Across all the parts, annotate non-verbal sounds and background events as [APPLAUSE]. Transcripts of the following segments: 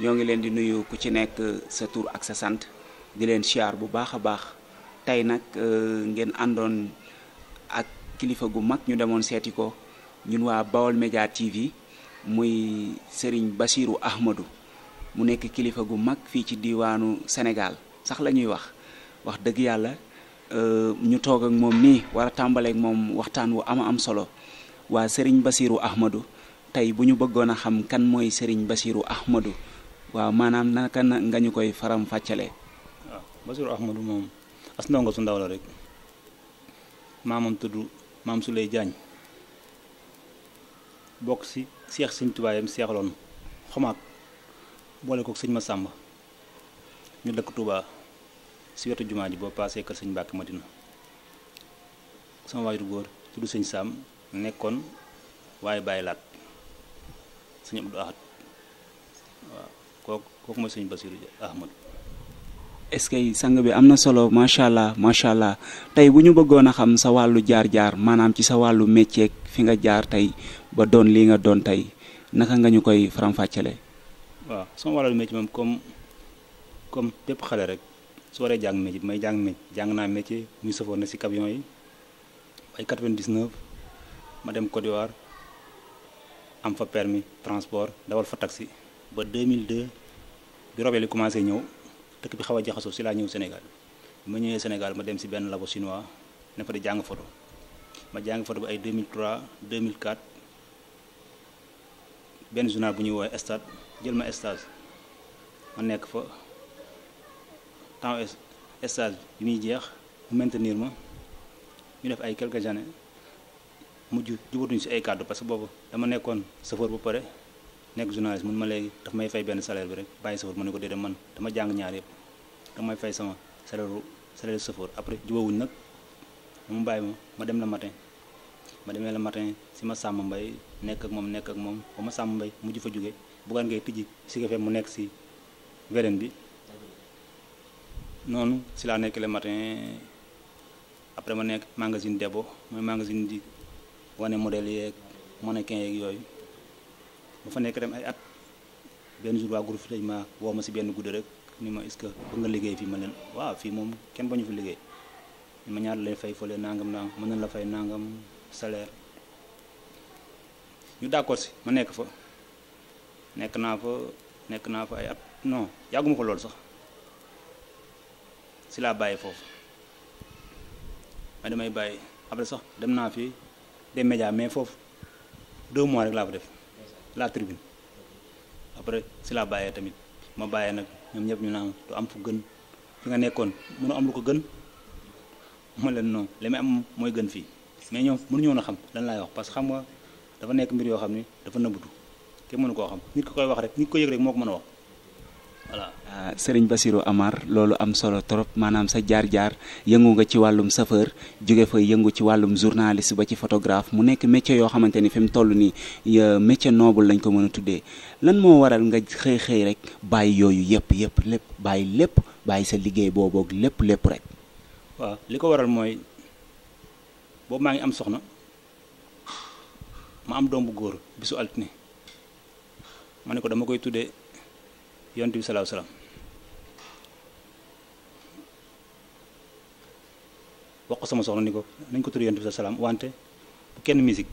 ñoo ngi leen di nuyu ku ci nekk sa tour ak sa sant di leen siyaar bu baax a baax tey nag euh, ngeen àndoon ak kilifa gu mag ñu demoon seeti ko ñun waa media TV muy Serigne Basiru Ahmadou mu nekk kilifa gu mag fii ci diwaanu Sénégal sax la ñuy wax wax dëgg yàlla euh, ñu toog ak moom nii war a ak moom waxtaan wu ama am solo waa Serigne basiru Ahmadou tey bu ñu bëggoon a xam kan mooy Serigne Ahmadou waaw maanaam naka nga ñu koy faram fàccale waaw ah, Basiru Ahmadu moom as ndongo su ndaw la rek maamam tudd maam su lay jaañ bokk si seex sëñ tubaayam seexloon xomaak boole kook sëñ ma sàmba ñu dëkk tubaa si wetu jumaa ji boo paasee kër sëñ Mbàkke Madina sama waajur góor tudd sëñ Saam nekkoon waaye bàyyi laat sëñ Abdu Ahad waaw kooku kooku mooy sëñ Basiru Ahmad est-ce que sang bi am na solo macha allah macha allah tey bu ñu bëggoon a xam sa wàllu jaar-jaar maanaam ci sa wàllu métier fi nga jaar tey ba doon lii nga doon tey naka nga ñu koy faram-fàccale waaw sama wàllu métier moom comme comme tépp xale rek su waree jàng métier bi may jàng métier jàng naa métier muy safoon na si camion yi ay 99 ma dem Côte am fa permis transport dawal fa taxi ba 2002 bi robee li commencé ñëw dëkk bi xaw a jaxasoo si laa ñëw Sénégal bi ma ñëwee Sénégal ma dem si benn labo chinois ne fa di jàng photo ma jàng foto bi ay deux mille 2004 benn journal bu ñuy woowee stade jël ma stage ma nekk fa temps stage bi muy jeex mu maintenir ma ñu def ay quelque années mujj jubatuñu si ay kàddu parce que boobu dama nekkoon chauffeur bu pare nekk journaliste mun ma léegi daf may fay benn salaire bi rek bàyyi chauffeur ma ne ko déedéet man dama jàng ñaar yëpp dama may fay sama salaire salaire chauffeur après jubawuñ nag mu bàyyi ma dem la matin ma demee la matin si ma sàmm mbay nekk ak moom nekk ak moom ba ma sàmm mbay mujj fa jóge buggaan ngay tijji si café mu nekk si wereen bi noonu si laa nekk le matin après ma nekk magazine Debo mooy magasin di wane modèle yeeg mannequin yeeg yooyu ba fa nekk dem ay at benn jour waa groupe fi ma woo ma si benn guddi rek ni ma est-ce que bëgg nga liggéey fii ma leen waaw fii moom kenn ba ñu fi liggéey ma ñaata lay fay fole nangam nangam mën na la fay nangam salaire ñu d'accord si ma nekk fa nekk naa fa nekk naa fa ay at non yàgguma ko loolu sax si laa bàyyi foofu ma damay bàyyi après sax dem naa fi des médias mais foofu deux mois rek laa fa def la tribune après si la bàyyee tamit ma bàyyee nag ñoom ñëpp ñu naa du am fu gën fi nga nekkoon mënu am lu ko gën ma leen non li may am mooy gën fii mais ñoom mënuñu woon a xam lan laay wax parce xam nga dafa nekk mbir yoo xam ni dafa nëbbatu kenn mënu koo xam nit ko koy wax rek nit ko yëg rek moo ko mën a wax voilà ah, sëriñ Bassirou Amar loolu am solo trop maanaam sa jaar-jaar yëngu nga ci wàllum chauffeur jóge fa yëngu ci wàllum journaliste ba ci photographe mu nekk métier yoo xamante ni fi mu toll nii métier noble lañ ko mën a tuddee lan moo waral nga xëy xëy rek bàyyi yooyu yëpp yëpp lépp bàyyi lépp bàyyi sa liggéey booboog lépp lépp rek. waaw li ko waral mooy boobu maa ngi am soxna ma am doom bu góor bisu altine ma ne ko dama koy tuddee. yonent bi salaahu wax ko sama soxna ni ko nañ ko tudd yonent bi wante bu kenn musique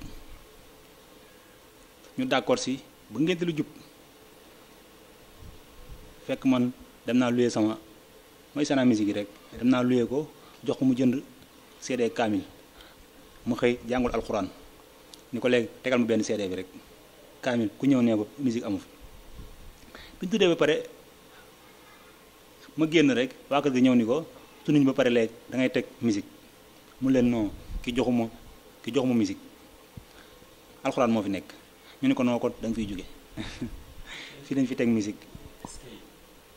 ñu d'accord si ngeen di lu jup fekk man dem naa luyee sama mooy sana musique rek dem naa luyee ko jox ko mu jënd CD kamil mu xëy jàngul alxuraan ni ko léegi tegal mu benn CD bi rek kamil ku ñëw nee musique amu bi ñu tuddee ba pare ma génn rek waa kër gi ñëw ni ko sunuñ ba pare léegi da ngay teg musique mu leen non ki joxuma ki joxuma musique alxuraan moo fi nekk ñu ne ko noo ko da nga fiy jóge [LAUGHS] fii dañ fi teg musique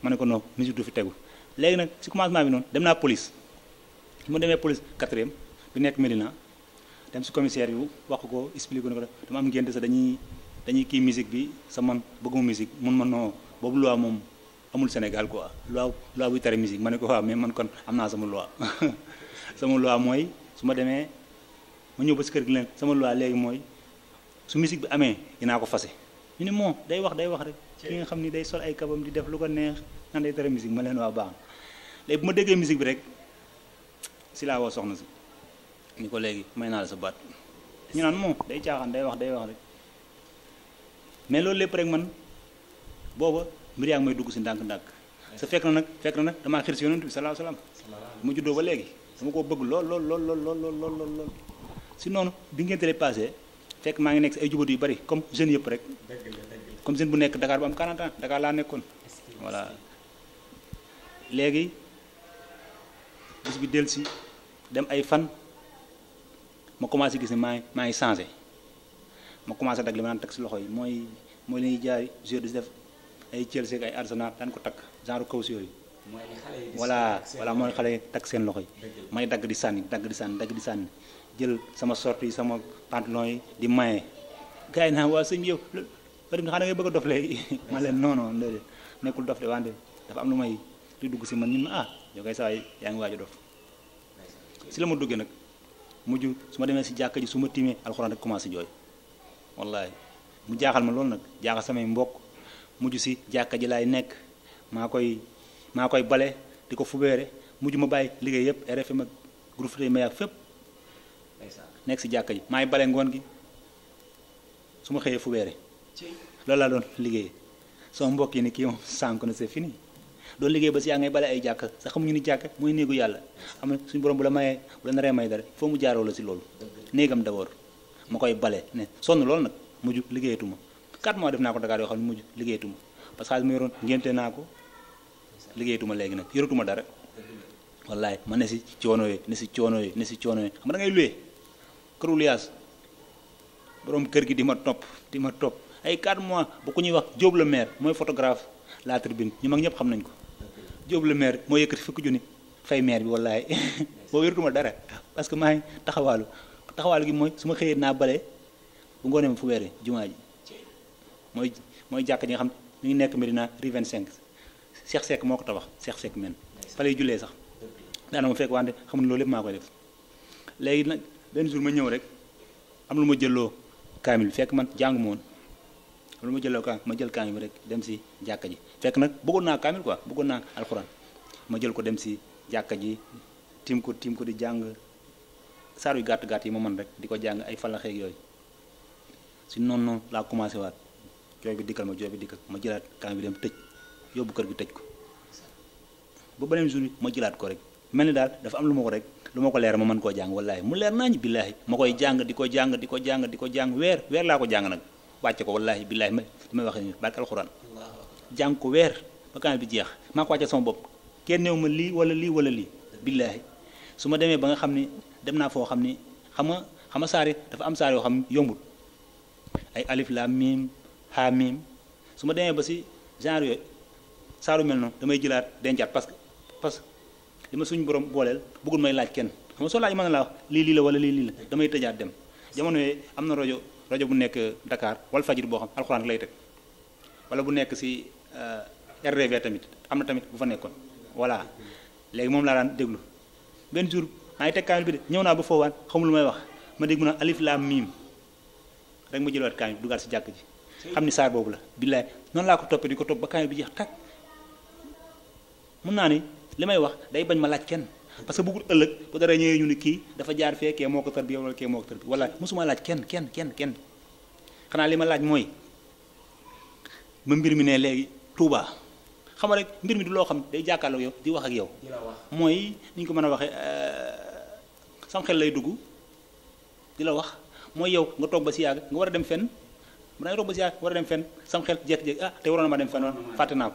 ma ne ko non musique du fi tegu léegi nag si commencement bi noonu dem naa police mu demee police quatrième bi nekk Médina dem si commissaire yu wax ko expliqué ko ne ko dama am ngénte sa dañuy kii musique bi sa man bëgguma musique mun ma noo boobu loi moom amul Sénégal quoi loi loi buy tere ma ne ko waaw mais man kon am naa sama loi [LAUGHS] sama loi mooy su ma demee ma ñëw ba kër gi sama loi léegi mooy su musique bi amee dinaa ko fase ñu day wax day wax rek ci li nga xam ni day sol ay kabam di def lu ko neex nan day tere ma leen waa baax léegi bu ma déggee musique bi rek si laa woo soxna si ni ko léegi may naa la sa baat ñu naan moo day caaxaan day wax day wax rek mais loolu lépp rek man booba mbir yaa ngi may dugg si ndànk-ndànk sa fekk na nag fekk na nag damaa xir si yonent bi salaa salaam mu juddoo ba léegi dama koo bëgg lool lool lool lool lool lool lool lool si noonu bi ngeen tele passé fekk maa ngi nekk si ay jubatu yu bari comme jeune yëpp rek comme jeune bu nekk Dakar bu am 40 ans Dakar laa nekkoon voilà léegi bis bi dellu si dem ay fan ma commencé gis ne maa ngi maa ngi changé ma commencé dag li ma naan teg si loxo yi mooy mooy li ñuy jaay jeu di def ay Chelsea ay Arsenal daan ko takk genre kaws yooyu. mooy xale yi voilà voilà mooy xale yi takk seen loxo yi. may dagg di sànni dagg di sànni dagg di sànni jël sama sort sama pantalon yi di maye. gars yi waa sëñ bi yow loolu xanaa ngay bëgg [LAUGHS] ma leen non nekkul dof de wante am lu may di dugg si man ñun ah yow kay saa yaa ngi waaj a dof la ma duggee nag mujj su ma demee si jàkka ji su ma tiimee alxuraan rek commencé jooy wallaay mu jaaxal ma loolu nag jaaxal samay mbokk. mujj si jàkka ji laay nekk maa koy maa koy bale di ko fubeere mujj ma bàyyi liggéey yëpp RFM ak groupe Futurs Médias fépp nekk si jàkka ji bale ngoon gi su ma xëyee fubeere loolu laa doon liggéey sama mbokk yi ni kii moom sànk na fini doon liggéey ba si yaa ngay bale ay jaka, sax xamuñu ni jàkk mooy néegu yàlla xam ne suñu borom bu la mayee bu la naree may dara foo mu jaaroo la si loolu néegam d'abord ma koy bale ne sonn muju nag mujj liggéeyatuma 4 mois def naa ko Dakar yoo xam ne mujj liggéeyatuma parce que xaalis mu yoroon naa ko liggéeyatuma léegi nag yoratuma dara wallaay ma ne si coono yi ne si coono yi ne si coono yi xam nga da luye këru luyaas borom kër gi di ma topp di ma topp ay 4 mois bu ku ñuy wax Diop le maire mooy photographe la tribune ñu mag ñëpp xam nañ ko Diop le maire moo yëkkati fukki junni fay maire bi wallaay [LAUGHS] boo yoratuma dara parce que maa ngi taxawaalu taxawaalu gi mooy su ma naa bale bu ngoonee fu weeree mooy mooy jàkka ji nga xam ñu ngi nekk Medina rue cinq Cheikh Seck moo ko tabax seex Seck men fa lay jullee sax daana ma fekk wante xam ne loolu lépp maa koy def léegi nag benn jour ma ñëw rek am lu ma jëloo kaamil fekk man jàng ma woon lu ma jëloo kaamil ma jël kaamil bi rek dem si jàkka ji fekk nag bëggoon naa kaamil quoi bëggoon naa alxuraan ma jël ko dem si jàkka ji tiim ko tim ko di jàng saar yu gàtt gàtt yi ma man rek di ko jàng ay falaxeeg yooyu si noonu laa commencé waat jooy dikal, dikkal ma jooy bi dikkal ma jëlaat kan bi dem tëj yóbbu kër gi tëj ko ba beneen jour ma jëlaat ko rek mel ni daal dafa am lu ma ko rek lu ma ko leer ma mën koo jàng wallaahi mu leer naa ñu billaahi ma koy jàng di ko jàng di ko jàng di ko jàng weer weer laa ko jàng nag wàcce ko wallaahi ma li may wax ni barke alxuraan jàng ko weer ba kan bi jeex maa ko wàcce sama bopp kenn néew ma lii wala lii wala lii billaahi su ma demee ba nga xam ne dem naa foo xam saari dafa am saari yoo xam yombul ay alif lam mim. xaamim su ma demee ba si genre yooyu saaru damay jëlaat dencaat parce que parce que li ma suñu borom booleel bëggul may laaj kenn xam nga soo laaj laa wax wala lii lii damay tëjaat dem jamono am na rajo rajo bu nekk Dakar wala fajir boo xam alxuraan lay teg bu nekk si euh, RDV tamit am na tamit bu fa nekkoon voilà léegi moom laa daan déglu benn jour maa teg kaamil bi de ñëw naa ba foowaan xamul lu may wax ma dégg mu ne alif laam miim rek ma jëlaat kaamil dugaat si jàkk ji xam ni saar boobu la billaay noonu laa ko toppee di ko topp ba kaamil bi jeex tag mun naa ni li may wax day bañ ma laaj kenn parce que bugul ëllëg bu dara ñëwee ñu ni kii dafa jaar fee kee moo ko tarbi wala kee moo ko tarbi wala musuma laaj kenn kenn kenn kenn xanaa li ma laaj mooy ma mbir mi ne léegi Touba xam rek mbir mi du loo xam day jàkkaarloo yow di wax ak yow mooy ni ñu ko mën a waxee euh, sam xel lay dugg di la wax mooy yow nga toog ba si yàgg nga war a dem fenn mu ne romb ziar war dem fenn sam xel jek jek ah te warona ma dem fenn woon fàtte ko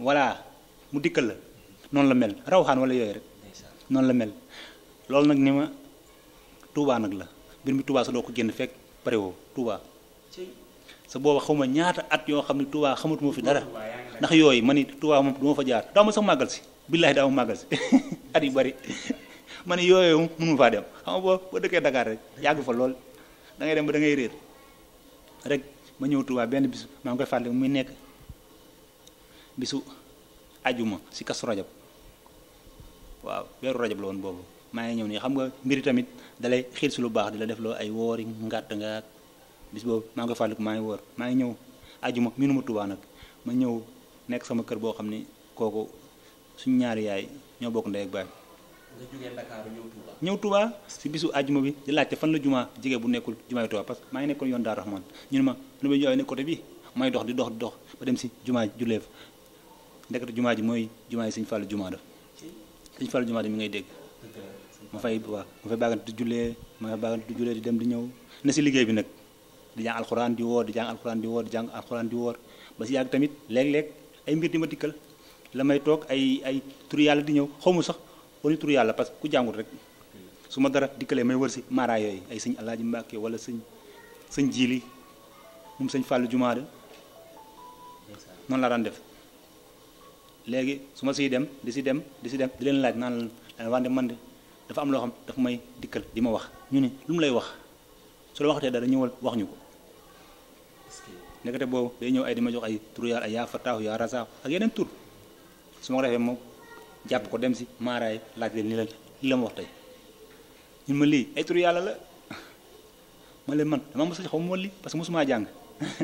voilà mu dikkel la non la mel rawhan wala yoy rek non la mel lol nak nima touba nak la bir mi touba sa doko genn fek pare woo sa bobu xawma ñaata at yo xamni touba xamut mo fi dara ndax yoy mani touba tuubaa duma fa jaar dama sax magal ci billahi dama magal ci [LAUGHS] at yu bari [LAUGHS] mani ni mu mënu faa dem xam bo boo boo Dakar rek yag fa lol da ngay dem ba da ngay reer rek ma ñëw tubaa benn bis maa ngi koy fàttali muy nekk bisu ajuma si kasu rajab waaw weeru rajab la woon boobu maa ngi ñëw nii xam nga mbir tamit dalay xiir si lu baax di la def loo ay woori ngàtt nga bis boobu maa ngi koy fàttaliku maa ngi woor maa ngi ñëw ajuma miinu ma Tuubaa nag ma ñëw nekk sama kër boo xam ni kooku suñu ñaari yaay ñoo bokk ndey ak baay nga jógee Dakar ñëw tubaa ñëw Touba si bisu àjjuma bi di laajte fan la jumaa jege bu nekkul jumaay Touba parce que maa ngi nekkoon yoon Daaru Rahman ñu ne ma lu ma jógee ne côté bi may dox di dox di dox ba si jumaa jullee fa jumaa ji mooy jumaa yi Sëñ Fallu da Sëñ Fallu jumaa da mi ngay dégg ma fay waaw ma fay baagante di ma fay baagante di di dem di ñëw ne si liggéey bi nag di jàng alxuraan di woor di jàng alxuraan di woor di jàng alxuraan di woor ba si yàgg tamit léeg-léeg ay mbir di ma dikkal la may toog ay ay tur yàlla di ñëw xaw xawma sax waruñu tur yàlla parce que ku jàngut rek su ma dara dikkalee may wër si mara yooyu ay sëñ Alaaji Mbàkke wala sëñ sëñ Jiili moom sëñ Fàllu Jumaada noonu laa daan def léegi su ma siy dem di si dem di si dem di leen laaj naan la wante man de dafa am loo xam dafa may dikkal di ma wax ñu ni lu mu lay wax su la waxatee dara ñëwal wax ñu ko nekkate boobu day ñëw ay di ma jox ay tur yàlla ay yaa fataahu yaa rasaahu ak yeneen tur su ma ko defee moom japp ko dem si maray laaj ni la ni la wax tay ñu ma li ay turu yalla la [LAUGHS] ma le man dama mos a xaw ma parce que musuma jang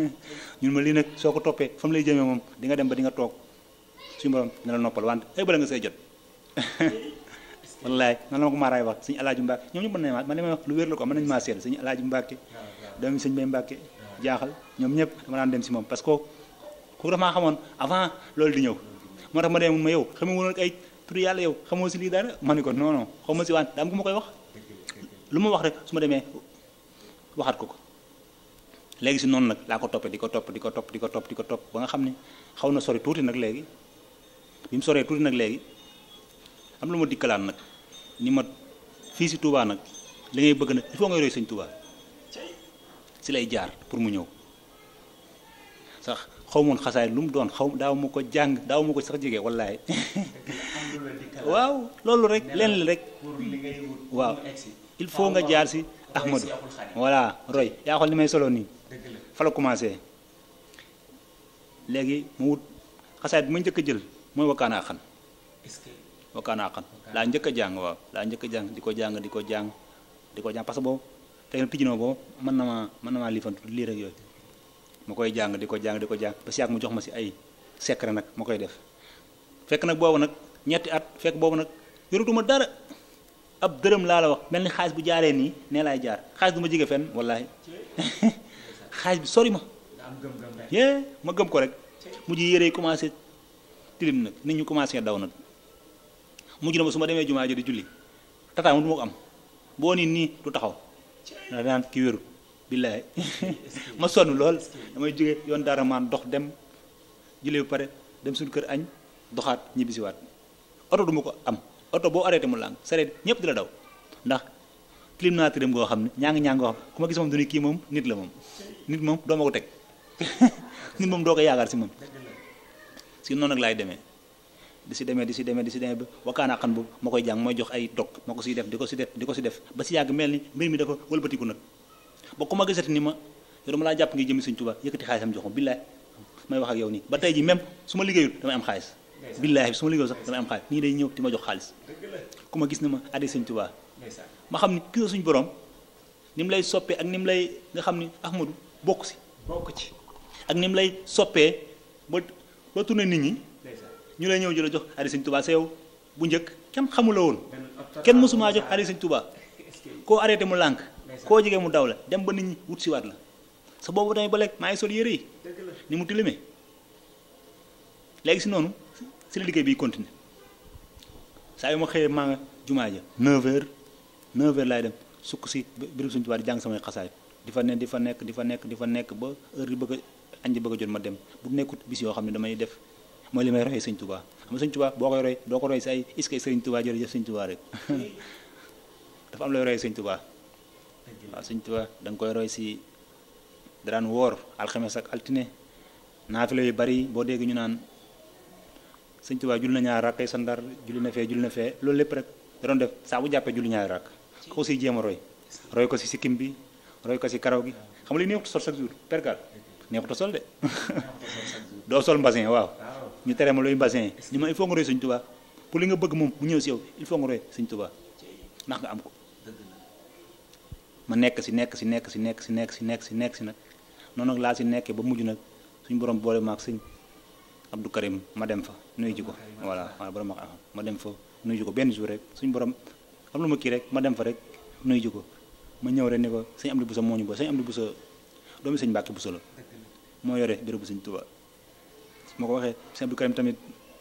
[LAUGHS] ñu ma li nak soko topé fam lay jëme mom di nga dem ba di nga tok suñu borom na la noppal wante ay bala nga sey jot [LAUGHS] wallahi na la ko maray wax señ mbak ñu ma wax lu wër la ko jaaxal ñom ñep dama la dem ci mom parce que ko ko dama xamone avant lolou di ñew motax ma dem ma yow ay pour yàlla yow xamoo si lii dara ma ne ko non non xaw ma si waan daam ku ma koy wax lu ma wax rek su ma demee waxaat ko ko léegi si noonu nag laa ko toppee di ko topp di ko topp di ko topp di ko topp ba nga xam ne xaw na sori tuuti nag léegi bi mu soree tuuti nag léegi am lu ma dikkalaat nag ni ma fii si Touba nag li ngay bëgg nag il faut ngay roy sëñ Touba si lay jaar pour mu ñëw sax xaw moon xasaay lu mu doon xaw daaw ma ko jàng daaw ma ko sax jege wallaay [LAUGHS] waaw loolu rek leen la rek waaw il faut nga jaar si ahmadou voilà roy yaa xool li may solo nii fa la commencé léegi mu wut xasaayit bi ma njëkk a jël mooy wakkaanaa xan wakkaanaa xan laa njëkk a jàng waaw laa njëkk a jàng di ko jàng di ko jàng di ko jàng parce que boobu tey pijinoo boobu mën na maa mën na maa liifantu lii rek yooyu ma koy jàng di ko jàng di ko jàng ba si mu jox ma si ay secret nag ma koy def fekk nag boobu nag ñetti at fekk boobu nag yoratuma dara ab dërëm laa la wax mel ni xaalis bu jaaree nii nee lay jaar xaalis du ma jige fenn wallaahi [LAUGHS] xaalis bi sori ma. yee ma gëm ko rek. mujj yére yi commencé tilim nag nit ñu commencé daw nag mujj na ba su ma demee jumaa ji di julli tataam du ko am boo nii nii du taxaw da daan ki wéru billaahi [LAUGHS] ma sonn lool damay jóge yoon daara maan dox dem julli bu pare dem suñu kër añ doxaat ñibbisiwaat oto du ma ko am oto boo arrêté mu làng sareet ñëpp di la daw ndax climatérim goo xam ne ñaang-ñaang goo xam ku ma gis moom du kii moom nit la moom nit moom doo ma ko teg [LAUGHS] nit moom doo ko si moom si noonu nag laay demee di si demee di si demee di si demee ba wakaana xan boobu ma koy jàng jox ay dog ma ko siy def di ko si def di ko si def ba si yàgg mel ni mbir mi dafa wëlbatiku nag ba ku ma gisati ni ma yow ma laa jàpp ngi jëmi Sëñ Tuubaa yëkkati am jox ma billaay may wax ak yow nii ba tey ji même su ma liggéeyul damay am xaalis billaahi su ma liggéeyoo sax dana am xaalis nii day ñëw di ma jox xaalis ku ma gis ni ma addi sëñ Tuubaa ma xam ni kii la suñu borom ni mu lay soppee ak ni lay nga xam ni Ahmadou bokk si bokk ci ak ni lay soppee ba ba nit ñi ñu lay ñëw a jox addi sëñ Tuubaa sa yow bu njëkk kenn xamuloo woon kenn mësumaa jox addi sëñ Tuubaa koo arrêté mu lànk koo jege mu daw la dem ba nit ñi wut si waat la sa boobu tamit ba lekk maa ngi sol yére yi ni mu tilimee léegi si noonu si la liggéey bi continuer saa yu ma xëyee maa nga jumaa ja 9h 9h laay dem sukk si béréb suñu tubaab di jàng samay xasaay di fa ne di fa nekk di fa nekk di fa nekk ba heure yi bëgg a añ bëgg a jot ma dem bu nekkut bis yoo xam ne damay def mooy li may royee sëñ Tuubaa xam nga sëñ Tuubaa boo koy roy doo ko roy si ay iska sëñ Tuubaa jërëjëf sëñ Tuubaa rek [LAUGHS] dafa am looy royee sëñ Tuubaa waaw sëñ Tuubaa da koy roy si daraan woor alxames ak altine naafila yu sëñ Tuubaa julli na ñaar rakk ay sandar julli na fee julli na fee loolu lépp rek da doon def sa bu jappé julli ñaar rak ko aussi jema roy roy ko si sikim bi roy ko si karaw gi xam nga li neexut sol chaque jour pergal neexut sol de [LAUGHS] do sol mbassin waaw ñu téré mo loy mbassin ni ma il faut nga roy sëñ Tuubaa pour li nga bëgg mom bu ñew si yow il faut nga roy sëñ Tuubaa nga am ko ma nekk si nekk si nekk si nekk si nekk si nekk si nekk si nak noonu nag laa si nekkee ba mujju nak suñu borom boole maak sëñ Abdou Karim ma dem fa nuyu ji ko voilà waaw borom ak axam ma dem fa nuyu ji ko benn jour rek suñ borom am lu ma kii rek ma dem fa rek nuyu ji ko ma ñëw rek ne ko sëñ Amdi Bousso moo ñu bo sëñ Amdi Bousso doomu sëñ Mbàkke Bousso la moo yore bérébu sëñ Tuubaa ma ko waxee sëñ Abdou Karim tamit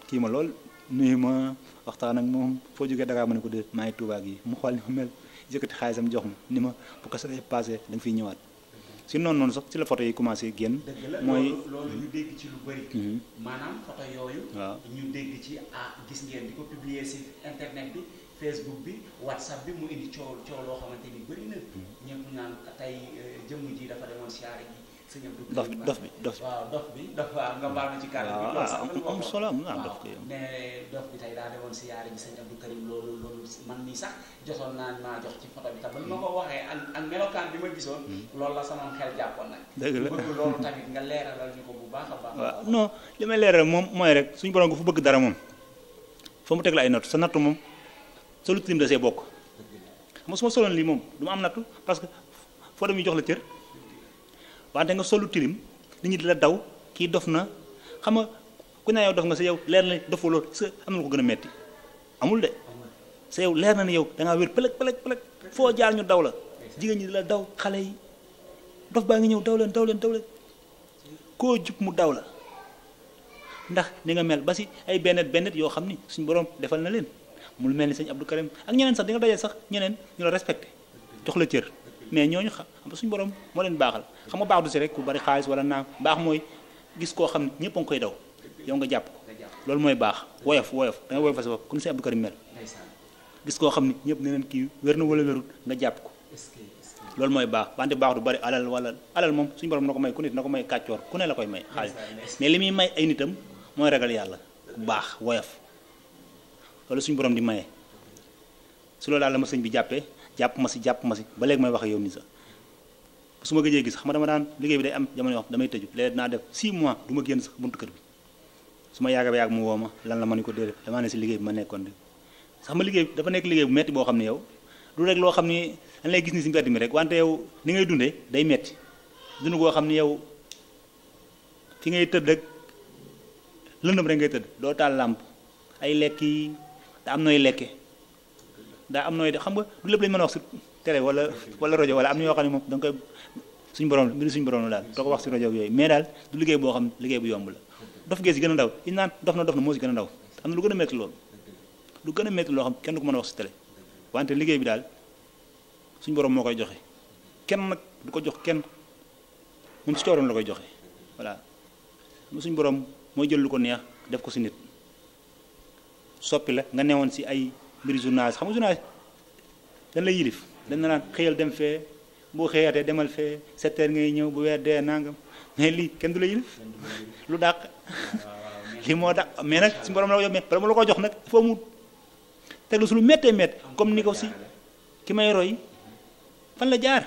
kii ma lool nuyu ma waxtaan ak moom foo jógee Dakar ma ne ko de maa ngi Tuubaa gi mu xool ni ma mel yëkkati xaalisam jox ma ni ma bu ko safee passé da fiy ñëwaat si noonu noonu sax si la photo yi commencé génn. mooy loolu ñu dégg ci lu bëri. Mhm. maanaam photo yooyu. waaw ñu dégg ci ah gis ngeen di ko publier si internet bi Facebook bi WhatsApp bi mu indi coow coow loo xamante ni bëri na. Mhm. ñëpp naan tey euh, jëmm ji dafa demoon siyaare ji. dof dof bi dof bi ma ci kàddu gi. waaw am solo am naa dof ko yow. mais dof bi tey daa demoon siyaare bi sëñ Abdou Karim loolu loolu man bi tam. bi ma gisoon. Hmm. la sama xel jàppoon nag. dëgg la bëgg loolu tamit nga leeralal bu baax a baax. waaw non li may leeral moom mu sa natt moom sa da see bokk. dëgg la xam nga ma soloon lii moom du ma am nattu parce foo dem ñu jox la cër. wante nga solu tilim nit ñi dila daw ki dof na xam nga ku ne yow dof nga sa yow leer na dofu lool sa am na ko gëna a metti amul de sa yow leer na ni yow da nga wër pëlëg pëlëg pëlëg fo jaar ñu daw la jigeen ñi dila daw xalé yi dof baa nga ñew daw leen daw leen daw leen koo jup mu daw la ndax ni nga mel ba si ay benet benet yo xamni ni suñ borom defal na leen mu mel ni sëñ abdou karim ak ñeneen sax di nga dajé sax ñeneen ñu la respecté jox la cër mais ñooñu xam nga suñu borom moo leen baaxal xam ma baax du si rek ku bari xaalis wala naa baax mooy gis koo xam ne ñëpp a koy daw yow nga jàpp ko loolu mooy baax woyof woyof da nga woyof sa bopp comme si Abdou koo xam ne ñëpp ne leen kii wér na wala wérut nga jàpp ko loolu mooy baax wante baax du bari alal wala alal moom suñu borom na ko may ku na ko may kàccoor ku ne la koy may xaalis mais li muy may ay nitam mooy ragal yàlla ku baax woyof loolu suñu borom di maye su loolu daal la ma sëñ bi jàppee jàpp ma si jàpp ma si ba léegi may wax yow nii sax su ma gëjee gis xam nga dama daan liggéey bi day am jamono yoo damay tëju léegi dinaa def 6 mois du ma génn sax buntu kër bi suma yaaga ba yaag mu woo ma lan la ma ni ko déedéet dama ne si liggéey bi ma nekkoon de sax ma liggéey dafa nekk liggéey bu metti boo xam ne yow du rek loo xam ni dañ lay gis ni si mbedd mi rek wante yow ni ngay dundee day metti dund goo xam ni yow fi ngay tëdd ak lëndëm rek ngay tëdd doo taal lamp ay lekk yi te am nooy lekke daa am nooy de xam nga du lépp lañ mën a wax si télé wala wala rajo wala am na yoo xam ne moom da nga koy suñu borom mbiru suñ borom la daal wax si rajo yooyu mais daal du boo xam liggéey bu yomb la dof gee si gën a ndaw i naan dof na dof na moo si gën a ndaw am na lu gën a métti loolu lu gën a métti loo xam kenn du ko mën a wax si wante liggéey bi daal suñu moo koy joxe kenn nag du ko jox kenn moom si cooroon la koy joxe voilà suñu boroom mooy jël lu ko neex def ko si nit soppi la nga newoon si ay mbiri journaliste xam nga journaliste dañ lay yilif dañ la naan xëyal dem fee boo xëyaatee demal fee sept ngay ñëw bu weer dee nangam mais lii kenn du la yilif lu dàq [LAUGHS] lii moo dàq mais nag si borom la ko jox la ko jox nag foo mu teg lu su lu méttee métt comme ni ko si ki may roy fan la jaar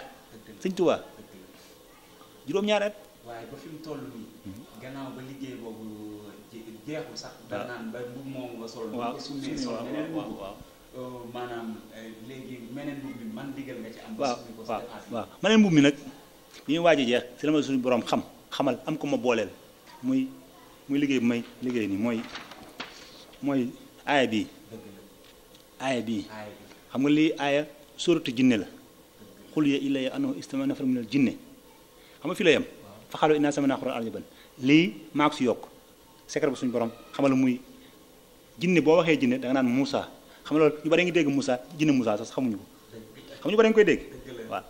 sëñ Tuubaa boobu jeexul sax. waaw ah. naan ba mbubb oh, mi eh, nag li ñuy waaj jeex si la ma suñu boroom xam xamal am ko ma booleel muy muy liggéey bu may liggéey nii mooy mooy aaya bii. aaya bii xam nga lii aaya sóoratu jinne la. xul ya ilaya annahu istama nafar minal jinne xam nga fi la yem. fa xaalu inna sami'na qur'anan lii maa ko si yokk. secret bu suñu borom xamal muy jinne boo waxee jinne da nga naan Moussa xam loolu ñu bari ngi dégg Moussa jinne Moussa sax xamuñu ko xamuñu dégg waaw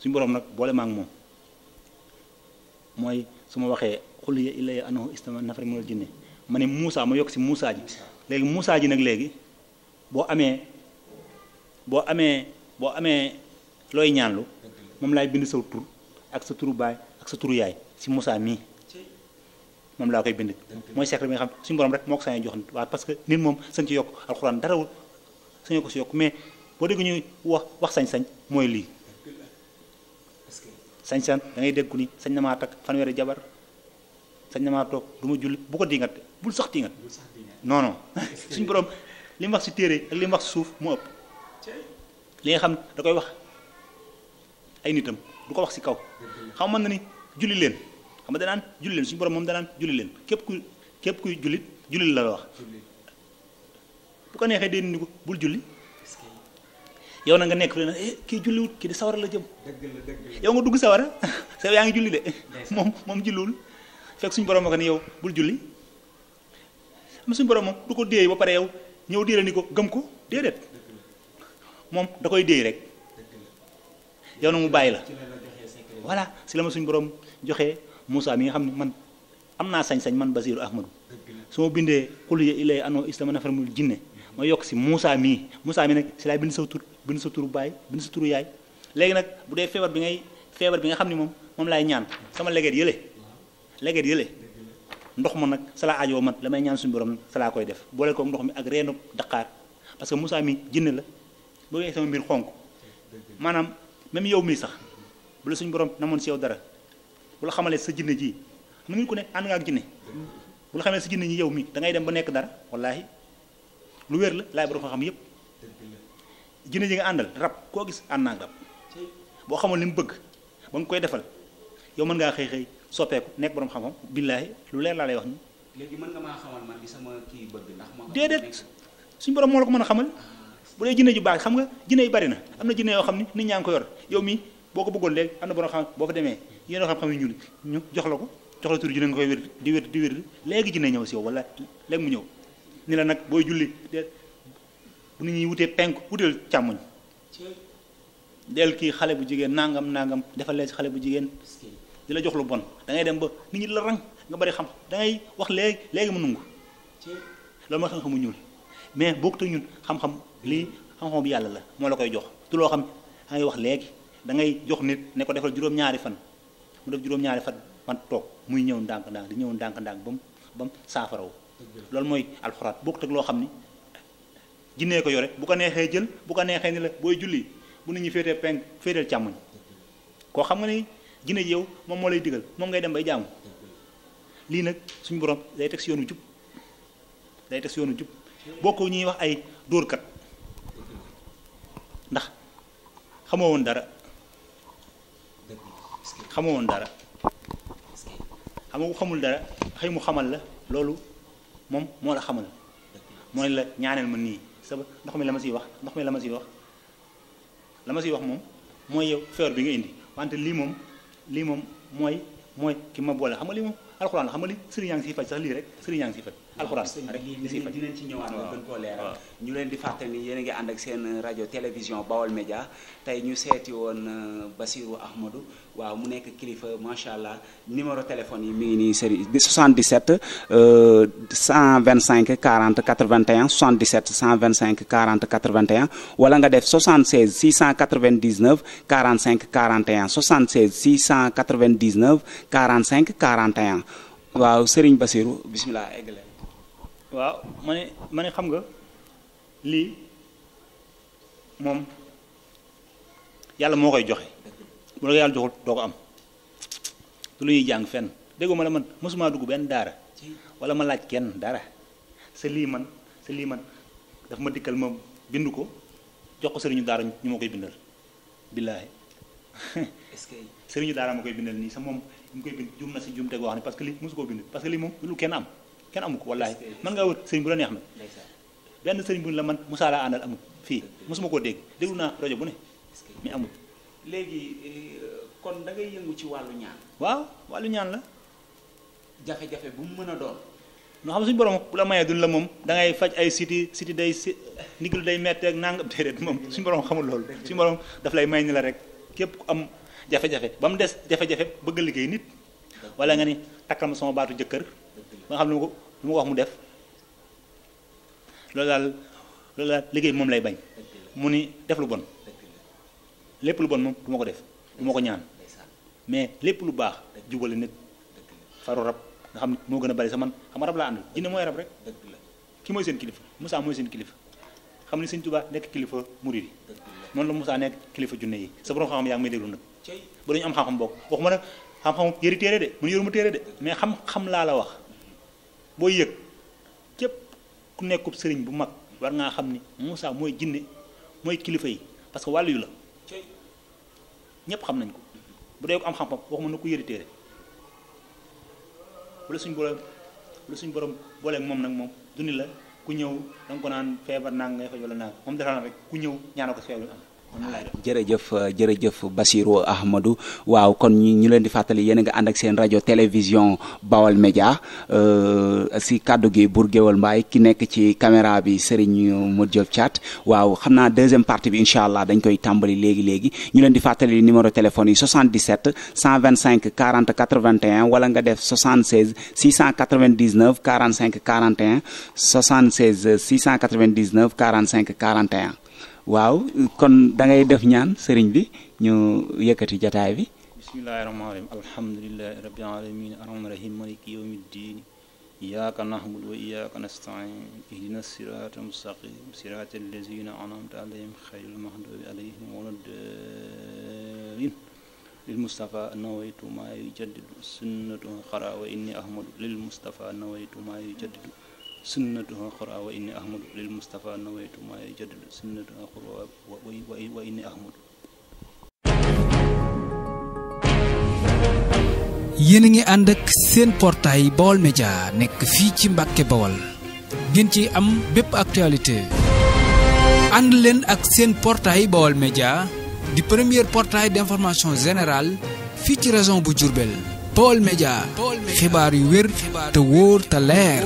suñu borom nag boole ma ak su ma waxee xul ya illaa annahu istama nafar minal jinne ma ne ma yokk si Moussa ji léegi Moussa ji nag léegi boo amee boo amee boo amee looy ñaanlu moom laay bind sa tur ak sa turu baay ak sa turu yaay si musa mii moom laa koy bind mooy secret bi nga xam suñu borom rek moo ko sañee jox nit waaw parce que nit moom sañ ci yokk alxuraan darawul sañoo ko si yokk mais boo dégg ñu wax wax sañ-sañ mooy lii sañ-sañ da ngay dégg sañ na maa takk fanweeri jabar sañ na maa toog du ma julli bu ko dingat bul sax dingat non non [LAUGHS] suñu borom li wax si téere ak li wax si suuf moo ëpp li nga xam da koy wax ay nitam du ko wax si kaw xam mën na ni julli leen xam nga danaan julli leen suñu borom moom danaan julli leen képp ku képp kuy julit julli la wax bu ko neexee dee ni ko bul julli yow na nga nekk fi ne eh kii julliwut kii di sawara la jëm yow nga dugg sawara [LAUGHS] sa yaa ngi julli de moom moom julliwul fekk suñu borom ko ne yow bul julli am suñu borom moom du ko déey ba pare yow ñëw déey la ni ko gëm ko déedéet moom da koy déey rek yow na mu bàyyi la voilà si la ma suñu borom joxee Moussa mi nga xam ne man am naa sañ-sañ man Basiru Ahmadu su ma bindee xul ya ilay anoo istama nafaramul jinne ma yokk si Moussa mii Moussa mii nag si laay bind sa tur bind sa turu baay bind sa turu yaay léegi nag bu dee feebar bi ngay feebar bi nga xam ne moom moom laay ñaan sama leget yële leget yële ndox ma nag salaa ajoo man la may ñaan suñu borom salaa koy def boole ko ndox mi ak reenu daqaar parce que Moussa mi jinne la boo sama mbir xonk maanaam même yow mii sax bu la suñu borom namoon si yow dara bu la xamalee sa jinne ji mu nga nit ku ne ànd nga ak jinne bu la xamee sa jinne ñi yow mi da ngay dem ba nekk dara wallaahi lu wér la laay borom xam yëpp jinne ji nga àndal rab koo gis ànd boo xamoon li bëgg ba koy defal yow mën ngaa xëy xëy soppeeku nekk borom xam-xam billaahi lu leer laa lay wax nii. léegi mën nga maa xamal man li sama kii bëgg ndax ma déedéet suñ borom moo la ko mën a xamal ah. bu dee jinne ju baax xam nga jinne yi bari na am na jinne yoo xam ni nit ñaa ngi ko yor yow mi boo ko bëggoon léegi am na borom xam boo fa demee yéen a xam-xam yu ñuul ñu jox la ko jox la tur ju ne nga koy wér di wér di wér léegi ji ñëw si yow wala léegi mu ñëw ni la nag booy julli de bu ñuy wutee penk wuteel càmmoñ del kii xale bu jigéen nangam nangam defal leen xale bu jigéen di la jox lu bon da dem ba la rang nga bari xam da wax léegi léegi mu nungu loolu mooy xam-xamu ñuul mais bokkut ak ñun xam-xam lii xam-xam bi yàlla la moo la koy jox du loo xam da wax léegi dangay jox nit ne ko defal juróom-ñaari fan mu def juróom-ñaari fan man toog muy ñëw ndànk-ndànk di ñëw ndànk-ndànk ba mu ba loolu mooy alxuraan bokk teg loo xam ni jinne ko yore bu ko neexee jël bu ko neexee ni la booy julli bu nit ñi féetee penk féeteel càmmoñ koo xam nga ni jinne ji yow moom moo lay digal moom ngay dem bay jaamu lii nag suñu borom day teg si yoonu jub day teg si yoonu jub bokk ñuy wax ay dóorkat ndax xamoo woon dara xamoo woon dara xam ku xamul dara xëy mu xamal la loolu moom moo la xamal mooy la ñaaneel ma nii sa ndox mi la ma siy wax ndox mi la ma siy wax la ma siy wax moom mooy yow feebar bi nga indi wante lii moom lii moom mooy mooy ki ma boole xam nga lii moom alxuraan la xam nga li sëriñ yaa ngi siy faj sax lii rek sëriñ yaa faj alxuraan rek si dinañ ci ñëwaat nga gën koo leeral ñu leen di fàttali ni yéen a ngi ànd ak seen rajo télévision Baol Média tey ñu seeti woon euh, Basirou Ahmadou waaw mu nekk kilifa macha allah numéro téléphone yi mi ngi nii série 77 125 40 81 77 125 40 81 wala nga def 76 699 45 41 76 699 45 41 waaw Serigne basiru bismillah eggale waaw mane mane xam nga lii moom yàlla moo koy joxe bu la yàlla joxul doo ko am du lu ñuy jàng fenn déggoo ma la man mosuma dugg benn daara wala ma laaj kenn dara sa lii man sa lii man daf ma dikkal ma bind ko jox ko sëriñu daara ñu ma koy bindal billaahi [LAUGHS] est-ce daara ma koy bindal nii sa moom ñu koy bind jum na si jumte goo xam ne parce que lii mosu koo bind lu kenn am kenn amu ko wallahi man nga wër serigne bu la neex nag benn serigne bu la man musa la andal amul fii musuma ko dégg déglu naa rajo bu ne mi amul léegi eh, kon da ngay yëngu ci wàllu ñaan waaw wàllu ñaan la jafe-jafe bu mu mën a doon no xam suñu borom bu la mayee dun la moom da ngay faj ay city siti day ndiglu day metti ak nangam déedéet moom suñu borom xamul loolu suñu borom daf lay may la rek képp ku am jafe-jafe ba mu des jafe-jafe bëgg liggéey nit wala nga ni takkal sama baatu jëkkër ba xam ne lu ma wax mu def loolu daal loolu daal liggéey moom lay bañ mu ni def lu bon lépp lu bon moom du ma ko def du ma ko ñaan mais lépp lu baax jubale nit faru rab nga xam ne moo gën a bari sa man xam rab laa àndal jinne mooy rab rek ki mooy seen kilifa Moussa mooy seen kilifa xam ne Sëñ Tuubaa nekk kilifa murid yi noonu la Moussa nekk kilifa junne yi sa borom xam-xam yaa ngi may déglu nag ba dañu am xam-xam bokk waxuma nag xam-xam yëri téere de mun yëru boo yëg képp ku nekkub sëriñ bu mag war ngaa xam ni Moussa mooy jinne mooy kilifa yi parce que wàllu yu la ñëpp xam nañ ko bu dee ko am xam-xam waxuma na ko yëri téere bu la suñ borom bu suñ borom booleeg moom nag moom dundi la ku ñëw da ko naan feebar naa ngay faj wala naa moom defal rek ku ñëw ñaana ko si feebar am jërëjëf euh, jërëjëf Basirou Ahmadou waaw kon ñu ñu leen di fàttali yéen a nga ànd ak seen rajo télévision Bawal Média euh, si kàddu gi Bour Guéweul Mbaye ki nekk ci caméra bi Serigne Modou Diop Thiat waaw xam naa deuxième partie bi incha allah dañ koy tàmbali léegi léegi ñu leen di fàttali numéro téléphone yi 77 125 40 81 wala nga def 76 699 45 41 76 699 45 41. waaw kon da ngay def ñaan sëriñ bi ñu yëkkati jataay bi bismillahi rahmaani rahim alhamdulillahi rabbil alamin arrahmaani rahim maliki yawmiddin iyyaka na'budu wa iyyaka nasta'in ihdina sirata mustaqim sirata allazina an'amta alayhim ghayril maghdubi alayhim waladdallin للمصطفى نويت ما يجدد السنة خرا وإني أحمد للمصطفى نويت ما يجدد sunnatuha qura wa a ngi ànd ak seen portail Baol Média nekk fii ci Mbàkke Baol ngeen ci am bépp actualité ànd leen ak seen portaay Baol Média di premier portail d'information générale fii ci région bu Diourbel Baol Média xibaar yu wér te wóor te leer